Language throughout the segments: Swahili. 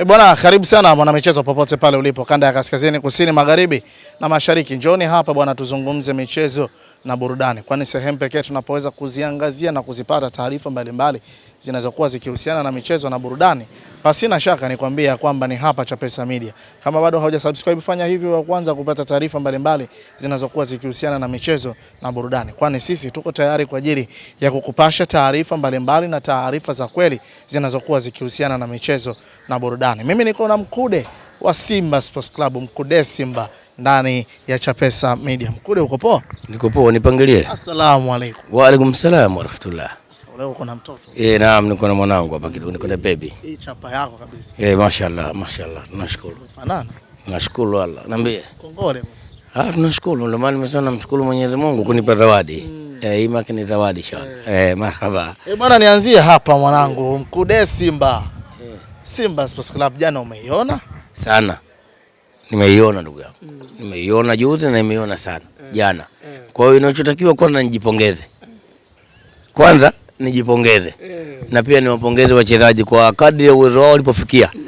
E bwana, karibu sana mwana michezo popote pale ulipo, kanda ya kaskazini, kusini, magharibi na mashariki. Njoni hapa bwana, tuzungumze michezo na burudani, kwani sehemu pekee tunapoweza kuziangazia na kuzipata taarifa mbalimbali zinazokuwa zikihusiana na michezo na burudani. Basi na shaka nikwambia kwamba ni hapa Chapesa Media. Kama bado haujasubscribe, fanya hivyo wa kwanza kupata taarifa mbalimbali zinazokuwa zikihusiana na michezo na burudani, kwani sisi tuko tayari kwa ajili ya kukupasha taarifa mbalimbali na taarifa za kweli zinazokuwa zikihusiana na michezo na burudani ndani. Mimi niko na mkude wa Simba Sports Club, mkude Simba ndani ya Chapesa Media. Mkude, uko poa? Niko poa, nipangilie. Asalamu alaikum. Wa alaikum salaam wa rahmatullah. Leo kuna mtoto? Eh, naam, niko na mwanangu hapa kidogo, niko na baby. Hii chapa yako kabisa. Eh, mashallah, mashallah. Tunashukuru. Fanana. Tunashukuru Allah. Niambie. Kongole. Ah, tunashukuru. Ndio maana nimesema namshukuru Mwenyezi Mungu kunipa zawadi. Mm. Eh, hii maki zawadi shana. Eh. eh, marhaba. Eh, bwana nianzie hapa mwanangu, mkude Simba. Simba Sports Club jana umeiona sana? Nimeiona ndugu yangu mm. Nimeiona juzi na nimeiona sana mm. jana mm. Kwa hiyo inachotakiwa kwanza nijipongeze kwanza nijipongeze mm. na pia niwapongeze wachezaji kwa kadri ya uwezo wao walipofikia mm.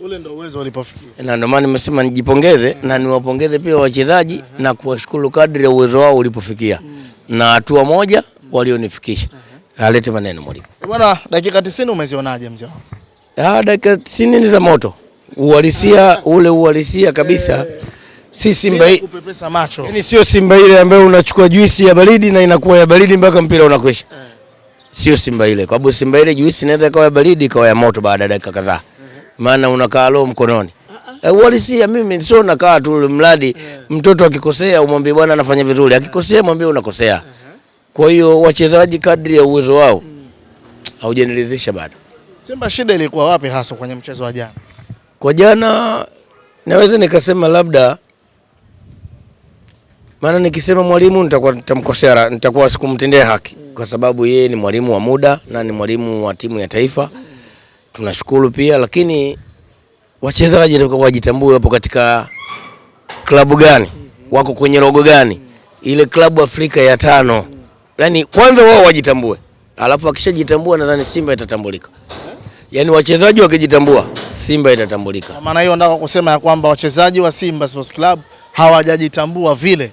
Ule ndio uwezo walipofikia, na ndio maana nimesema nijipongeze mm. na niwapongeze pia wachezaji mm. na kuwashukuru kadri ya uwezo wao ulipofikia mm. na hatua moja walionifikisha. mm. Alete maneno mwalimu bwana. Dakika 90 umezionaje mzee wangu? dakika tisini za moto, uhalisia ule, uhalisia kabisa si Simba hii kupepesa macho. Yaani sio Simba ile ambayo unachukua juisi ya baridi na inakuwa ya baridi mpaka mpira unakwisha. Sio Simba ile. Kwa sababu Simba ile juisi inaweza kuwa ya baridi ikawa ya moto baada ya dakika kadhaa. Maana unakaa leo mkononi. Eh, Uhalisia mimi sio nakaa tu mradi eh. mtoto akikosea umwambie bwana anafanya vizuri. Akikosea mwambie unakosea. Eh. Kwa hiyo wachezaji kadri ya uwezo wao mm. haujanerizisha bado. Simba shida ilikuwa wapi hasa kwenye mchezo wa jana? Kwa jana naweza nikasema labda, maana nikisema mwalimu nitakuwa nitamkosea, nitakuwa sikumtendea haki kwa sababu yeye ni mwalimu wa muda na ni mwalimu wa timu ya taifa, tunashukuru pia, lakini wachezaji watakuwa wajitambue wapo katika klabu gani, wako kwenye rogo gani, ile klabu Afrika ya tano, yaani kwanza wao wajitambue, alafu akishajitambua nadhani Simba itatambulika. Yaani wachezaji wakijitambua Simba itatambulika. Maana hiyo nataka kusema ya kwamba wachezaji wa Simba Sports Club hawajajitambua vile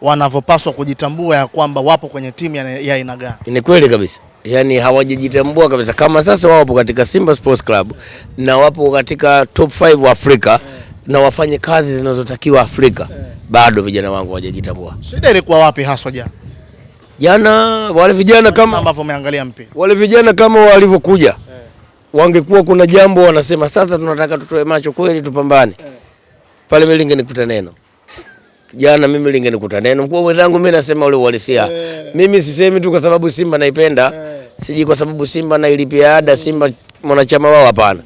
wanavyopaswa kujitambua ya kwamba wapo kwenye timu ya aina gani. Ni kweli kabisa, yaani hawajajitambua kabisa. Kama sasa wapo katika Simba Sports Club na wapo katika top 5 wa Afrika yeah, na wafanye kazi zinazotakiwa Afrika yeah, bado vijana wangu hawajajitambua. Shida ilikuwa wapi haswa jana? Jana wale vijana kama ambao wameangalia mpira, wale vijana kama walivyokuja wangekuwa kuna jambo wanasema sasa tunataka tutoe macho kweli, tupambane eh. pale, mimi lingenikuta neno jana, mimi lingenikuta neno kwa wenzangu. Mimi nasema ule uhalisia, eh. mimi sisemi tu kwa sababu Simba naipenda, eh. siji kwa sababu Simba nailipia ada, Simba mwanachama wao, hapana.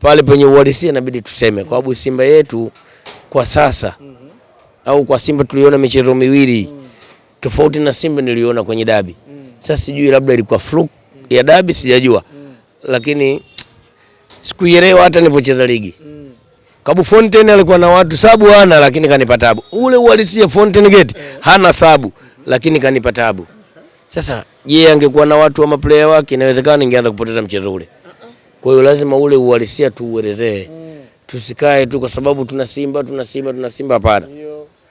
Pale penye uhalisia inabidi tuseme, kwa sababu Simba yetu kwa sasa mhm. au kwa Simba tuliona michezo miwili mm. tofauti na Simba niliona kwenye dabi. Mm. Sasa sijui labda ilikuwa fluke ya dabi, sijajua. Mm lakini sikuielewa hata nilipocheza ligi. Mm. Kabu Fontaine alikuwa na watu sabu hana, lakini kanipa tabu. Ule uhalisia Fontaine Gate hana sabu, mm -hmm. lakini kanipa tabu. Sasa je, angekuwa na watu wa maplayer wake inawezekana ningeanza kupoteza mchezo ule. Kwa hiyo lazima ule uhalisia tuuelezee. Mm. Tusikae tu kwa sababu tuna Simba, tuna Simba, tuna Simba hapana.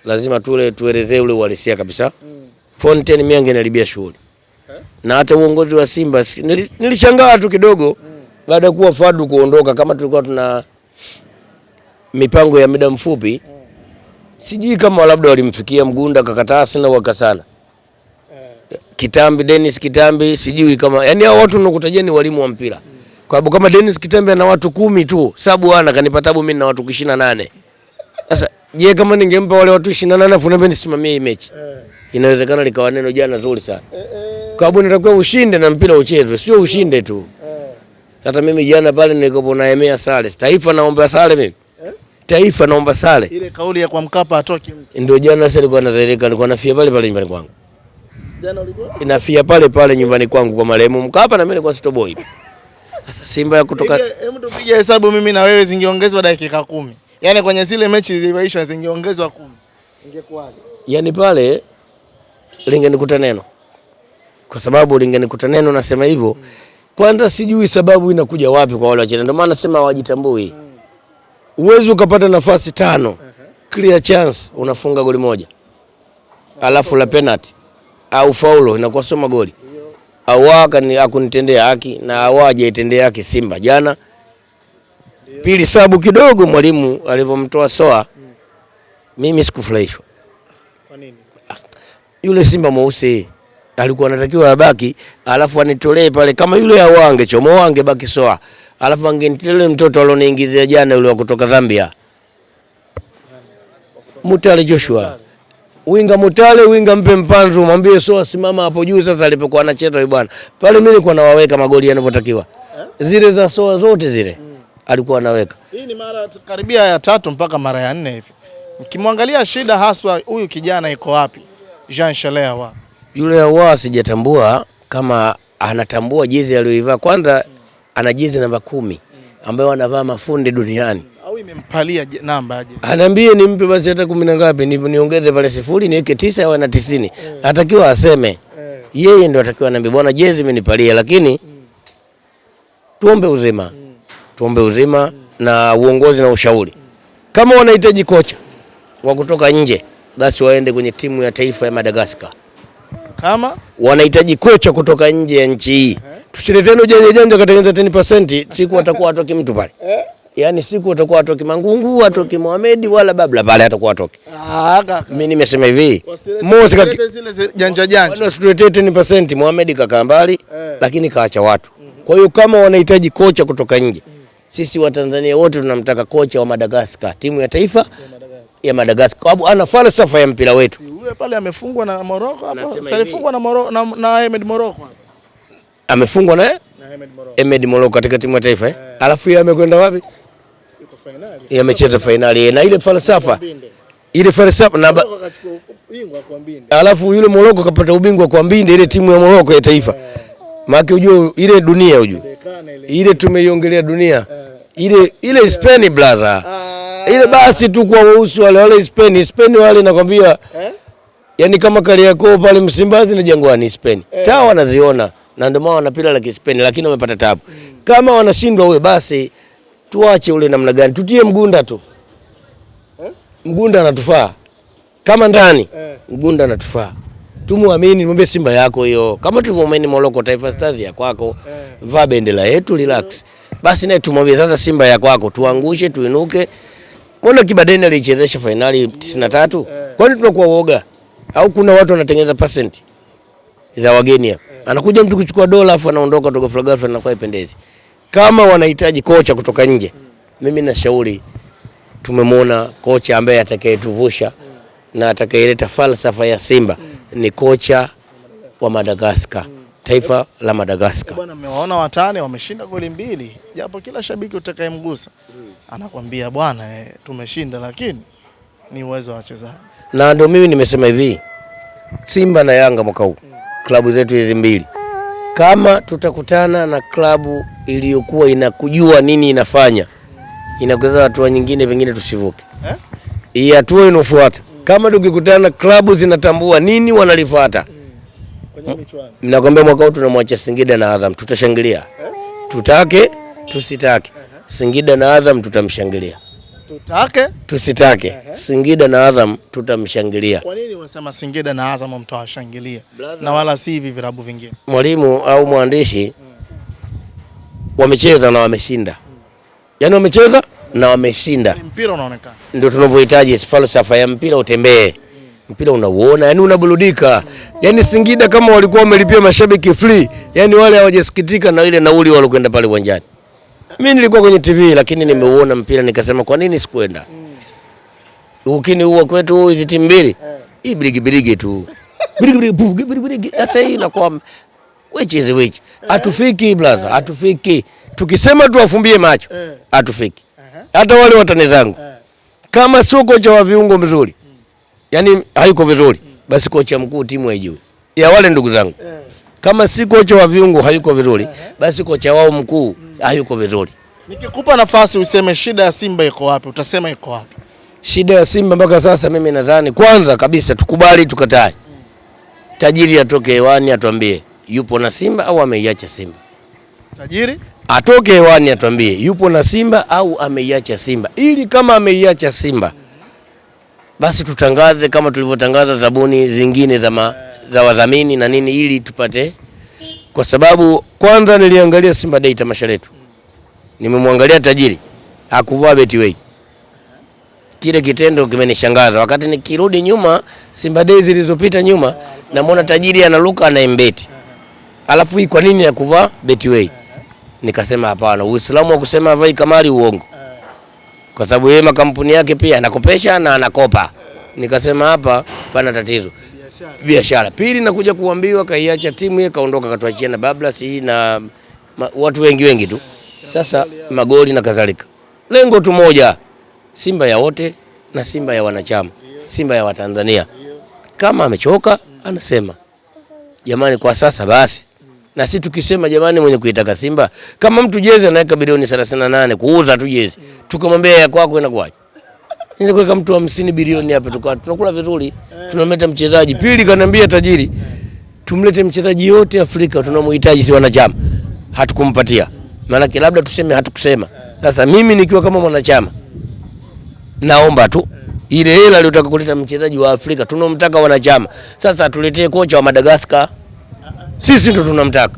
Lazima tule tuelezee ule uhalisia kabisa. Mm. Fontaine mimi angeniharibia shughuli na hata uongozi wa Simba nilishangaa tu kidogo mm. baada ya kuwa Fadu kuondoka, kama tulikuwa tuna mipango ya muda mfupi, mm. sijui kama labda walimfikia Mgunda kakataa sana wakasana Kitambi, Dennis Kitambi, sijui kama yani hao watu nakutajia ni walimu wa mpira mm. kwa sababu kama Dennis Kitambi ana watu kumi tu, sabu ana kanipa tabu mimi na watu 28 Sasa je, kama ningempa wale watu 28 afu niambie nisimamie hii mechi inawezekana likawa neno jana zuri sana e, e. Kwa sababu nitakuwa ushinde na mpira uchezwe, sio ushinde tu e. Sasa mimi jana pale nilikopo naemea sare, taifa naomba sare mimi e? Taifa naomba sare, ile kauli ya kwa Mkapa atoki mtu, ndio jana sasa nilikuwa nazaeleka, nilikuwa nafia pale pale nyumbani kwangu jana, ulikuwa inafia pale pale nyumbani kwangu kwa marehemu Mkapa, na mimi nilikuwa sitoboi. Sasa Simba ya kutoka, hebu tupige hesabu mimi na wewe, zingeongezwa dakika kumi, yani kwenye zile mechi zilizoisha zingeongezwa kumi, ingekuwaje? Yaani pale lingenikuta neno, kwa sababu lingenikuta neno, nasema hivyo kwanza, sijui sababu inakuja wapi kwa wale wachezaji, Ndio maana nasema wajitambui. Uwezi ukapata nafasi tano clear chance unafunga goli moja, alafu la penalty au faulo inakuwa soma goli awaka akunitendea haki na awaje itendea haki Simba jana. Pili, sabu kidogo mwalimu alivyomtoa Soa, mimi sikufurahishwa. Kwa nini? yule simba mweusi alikuwa anatakiwa abaki, alafu anitolee pale kama yule awange chomo wange baki soa, alafu angenitolee mtoto alioniingizia jana yule wa kutoka Zambia Mutale Joshua winga Mutale winga, mpe mpanzu, mwambie soa simama hapo juu. Sasa alipokuwa anacheza yule bwana pale, mimi nilikuwa nawaweka magoli yanavyotakiwa, eh? zile za soa zote zile alikuwa anaweka. Hii ni mara karibia ya tatu mpaka mara ya nne hivi. Mkimwangalia shida haswa huyu kijana iko wapi? Jean Shalea wa yule awa, sijatambua kama anatambua jezi aliyoivaa. Kwanza ana jezi namba kumi ambayo anavaa mafundi duniani au imempalia namba aje, anaambie nimpe basi hata kumi na ngapi, niongeze pale sifuri niweke tisa au na tisini. Eh. Atakiwa aseme eh. yeye ndio atakiwa anaambia bwana, jezi imenipalia, lakini tuombe uzima, mm. tuombe uzima na uongozi na ushauri. Kama wanahitaji kocha wa kutoka nje basi waende kwenye timu ya taifa ya Madagaskar. Kama wanahitaji kocha kutoka nje ya nchi hii, eh? tusileteni ujanja janja katengeneza 10%, siku atakuwa atoki mtu pale eh? Yaani siku atakuwa atoki Mangungu, atoki Mohamed wala babla pale atakuwa atoki. Ah, kaka. Mimi nimesema hivi. Mosi kaka zile zile janja janja. Wala situletete 10% Mohamed kaka mbali eh, lakini kaacha watu. Mm -hmm. Kwa hiyo kama wanahitaji kocha kutoka nje. Mm -hmm. Sisi Watanzania wote tunamtaka kocha wa Madagascar, timu ya taifa ya Madagascar, kwa sababu ana falsafa ya mpira wetu. Si yule pale amefungwa na Morocco hapo, alifungwa na Morocco na, na Ahmed Morocco amefungwa na Ahmed Morocco katika timu ya taifa eh? eh, alafu yeye amekwenda wapi? Yuko finali, yeye amecheza finali eh, na ile falsafa ile falsafa na ba... alafu yule Morocco kapata ubingwa kwa mbinde, ile timu ya Morocco ya taifa eh. Maana ujue ile dunia ujue ile tumeiongelea dunia eh. Ile ile Spain brother ah, ile ah. basi tu kwa wahusu wale wale Spain Spain wale nakwambia eh? Yaani kama Kariakoo pale Msimbazi na Jangwani Spain eh. Taa wanaziona na ndio maana wanapila la Spain lakini wamepata tabu mm. Kama wanashindwa wewe basi tuache ule namna gani, tutie mgunda tu eh? Mgunda anatufaa kama ndani eh. Mgunda anatufaa tumuamini, mwambie Simba yako hiyo, kama tulivyomwamini Moroko Taifa Stars ya kwako eh. Vaa bendera yetu relax mm. Basi naye tumwambie sasa Simba ya kwako, tuangushe tuinuke. Mbona Kibadeni alichezesha fainali 93? Eh. Kwani tunakuwa woga? Au kuna watu wanatengeneza percent za wageni hapa? Eh. Anakuja mtu kuchukua dola afu anaondoka kutoka Philadelphia na kwa ipendezi. Kama wanahitaji kocha kutoka nje, hmm. mimi nashauri tumemwona kocha ambaye atakayetuvusha hmm. na atakayeleta falsafa ya Simba hmm. ni kocha wa Madagascar taifa la Madagascar. Bwana, mmewaona watane wameshinda goli mbili, japo kila shabiki utakayemgusa anakwambia bwana e, tumeshinda, lakini ni uwezo wa wachezaji. Na ndio mimi nimesema hivi, Simba na Yanga mwaka huu klabu zetu hizi mbili, kama tutakutana na klabu iliyokuwa inakujua nini inafanya, inakuweza hatua nyingine, pengine tusivuke eh? hii hatua inaofuata. Kama tukikutana na klabu zinatambua nini wanalifuata Eh? Mnakwambia mwaka huu tunamwacha Singida na Azam, tutashangilia oh. tutake tusitake. Singida na Azam tutamshangilia tutake tusitake. Singida na Azam tutamshangilia. Kwa nini unasema Singida na Azam mtawashangilia na wala si hivi vilabu vingine? Mwalimu au mwandishi wamecheza na wameshinda, yaani wamecheza na wameshinda, mpira unaonekana. Ndio tunavyohitaji falsafa ya mpira utembee mpira unauona, yani unaburudika. Yani Singida kama walikuwa wamelipia mashabiki free, yani wale hawajasikitika na ile nauli walokwenda pale uwanjani. Mimi nilikuwa kwenye TV lakini nimeuona mpira nikasema kwa nini sikwenda? Ukini huo kwetu hizi timu mbili. Hii brigi brigi tu. Brigi brigi biligi brigi brigi Sasa hii inakuwa which is which. Hatufiki brother, hatufiki. Tukisema tuwafumbie macho, hatufiki. Hata wale watani zangu. Kama sio kocha wa viungo mzuri yani hayuko vizuri, basi kocha mkuu timu haijui ya wale ndugu zangu. Eh. Kama si kocha wa viungo hayuko vizuri, eh. basi kocha wao mkuu hmm. hayuko vizuri. Nikikupa nafasi useme shida ya Simba iko wapi, utasema iko wapi? Shida ya Simba mpaka sasa, mimi nadhani kwanza kabisa tukubali tukatae, hmm. tajiri atoke hewani atuambie yupo na Simba au ameiacha Simba. Tajiri atoke hewani atuambie yupo na Simba au ameiacha Simba, ili kama ameiacha Simba basi tutangaze kama tulivyotangaza zabuni zingine za, ma, za wadhamini na nini, ili tupate, kwa sababu kwanza niliangalia Simba Day tamasha letu, nimemwangalia tajiri hakuvaa Betway. Kile kitendo kimenishangaza, wakati nikirudi nyuma Simba Day zilizopita nyuma, namwona tajiri analuka anaimbeti, alafu hii kwa nini ya kuvaa Betway? Nikasema hapana, Uislamu wa kusema vai kamari uongo kwa sababu yeye makampuni yake pia anakopesha na anakopa. Nikasema hapa pana tatizo biashara. Pili, nakuja kuambiwa kaiacha timu yeye, kaondoka katuachia na Babla si na ma, watu wengi wengi tu, sasa magoli na kadhalika. Lengo tu moja, Simba ya wote na Simba ya wanachama, Simba ya Watanzania. Kama amechoka anasema jamani, kwa sasa basi na si tukisema jamani, mwenye kuitaka Simba kama mtu jezi anaweka bilioni 38 kuuza tu jezi, tukamwambia ya kwako inakuaje? Niweza kuweka mtu 50 bilioni hapa, tukawa tunakula vizuri, tunamleta mchezaji pili. Kaniambia tajiri, tumlete mchezaji yote Afrika tunamhitaji, si wanachama hatukumpatia, maana labda tuseme hatukusema. Sasa mimi nikiwa kama mwanachama, naomba tu ile hela aliyotaka kuleta mchezaji wa Afrika tunomtaka wanachama, sasa tuletee kocha wa Madagascar sisi ndo tunamtaka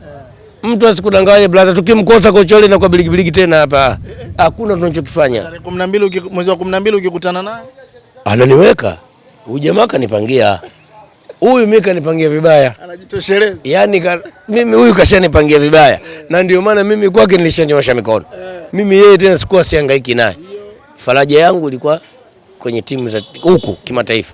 mtu asikudanganye brother, tukimkosa kochole na kwa biligibiligi tena hapa hakuna tunachokifanya. Mwezi wa 12 ukikutana naye ananiweka huyu jamaa kanipangia, huyu mimi kanipangia vibaya, anajitosheleza yani ka, mimi huyu kashanipangia vibaya na ndio maana mimi kwake nilishanyosha mikono mimi yeye tena sikuwa siangaiki naye. Faraja yangu ilikuwa kwenye timu za huku kimataifa,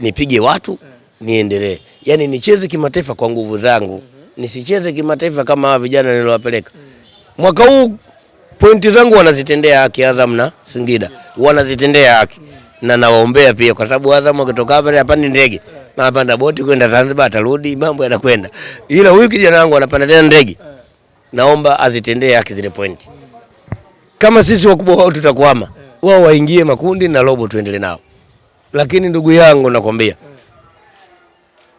nipige watu niendelee, yaani nicheze kimataifa kwa nguvu zangu, nisicheze kimataifa kama hawa vijana niliowapeleka mwaka huu. Pointi zangu wanazitendea haki Azam na Singida, wanazitendea haki na nawaombea pia, kwa sababu Azam akitoka hapa hapandi ndege na anapanda boti kwenda Zanzibar, atarudi, mambo yanakwenda. Ila huyu kijana wangu anapanda tena ndege, naomba azitendee haki zile pointi. Kama sisi wakubwa wao tutakwama, wao waingie makundi na robo tuendelee nao, lakini ndugu yangu nakwambia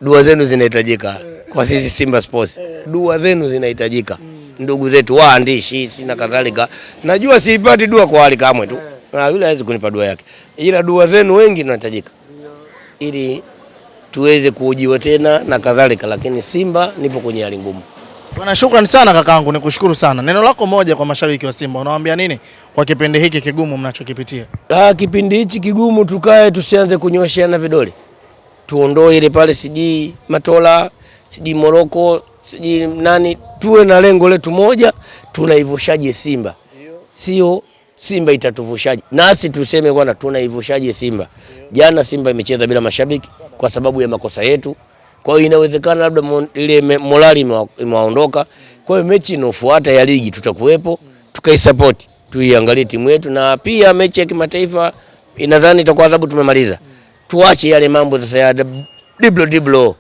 dua zenu zinahitajika kwa sisi Simba Sports, dua zenu zinahitajika ndugu zetu waandishi si na kadhalika. Najua siipati dua kwa hali kamwe tu, na yule hawezi kunipa dua yake, ila dua zenu wengi tunahitajika ili tuweze kuujiwa tena na kadhalika, lakini Simba nipo kwenye hali ngumu. Bwana, shukrani sana kakangu, nikushukuru sana. Neno lako moja kwa mashabiki wa Simba, unawaambia nini kwa kipindi hiki kigumu mnachokipitia? Ah, kipindi hichi kigumu, tukae tusianze kunyosheana vidole tuondoe ile pale, sijui Matola, sijui Moroko, sijui nani, tuwe na lengo letu moja, tunaivushaje Simba, sio Simba itatuvushaje? Nasi tuseme bwana, tunaivushaje Simba. Jana Simba imecheza bila mashabiki kwa sababu ya makosa yetu. Kwa hiyo inawezekana labda ile morali imewaondoka. Kwa hiyo mechi inofuata ya ligi tutakuwepo, tukaisapoti, tuiangalie timu yetu, na pia mechi ya kimataifa inadhani itakuwa sababu tumemaliza tuache yale mambo sasa ya diblo diblo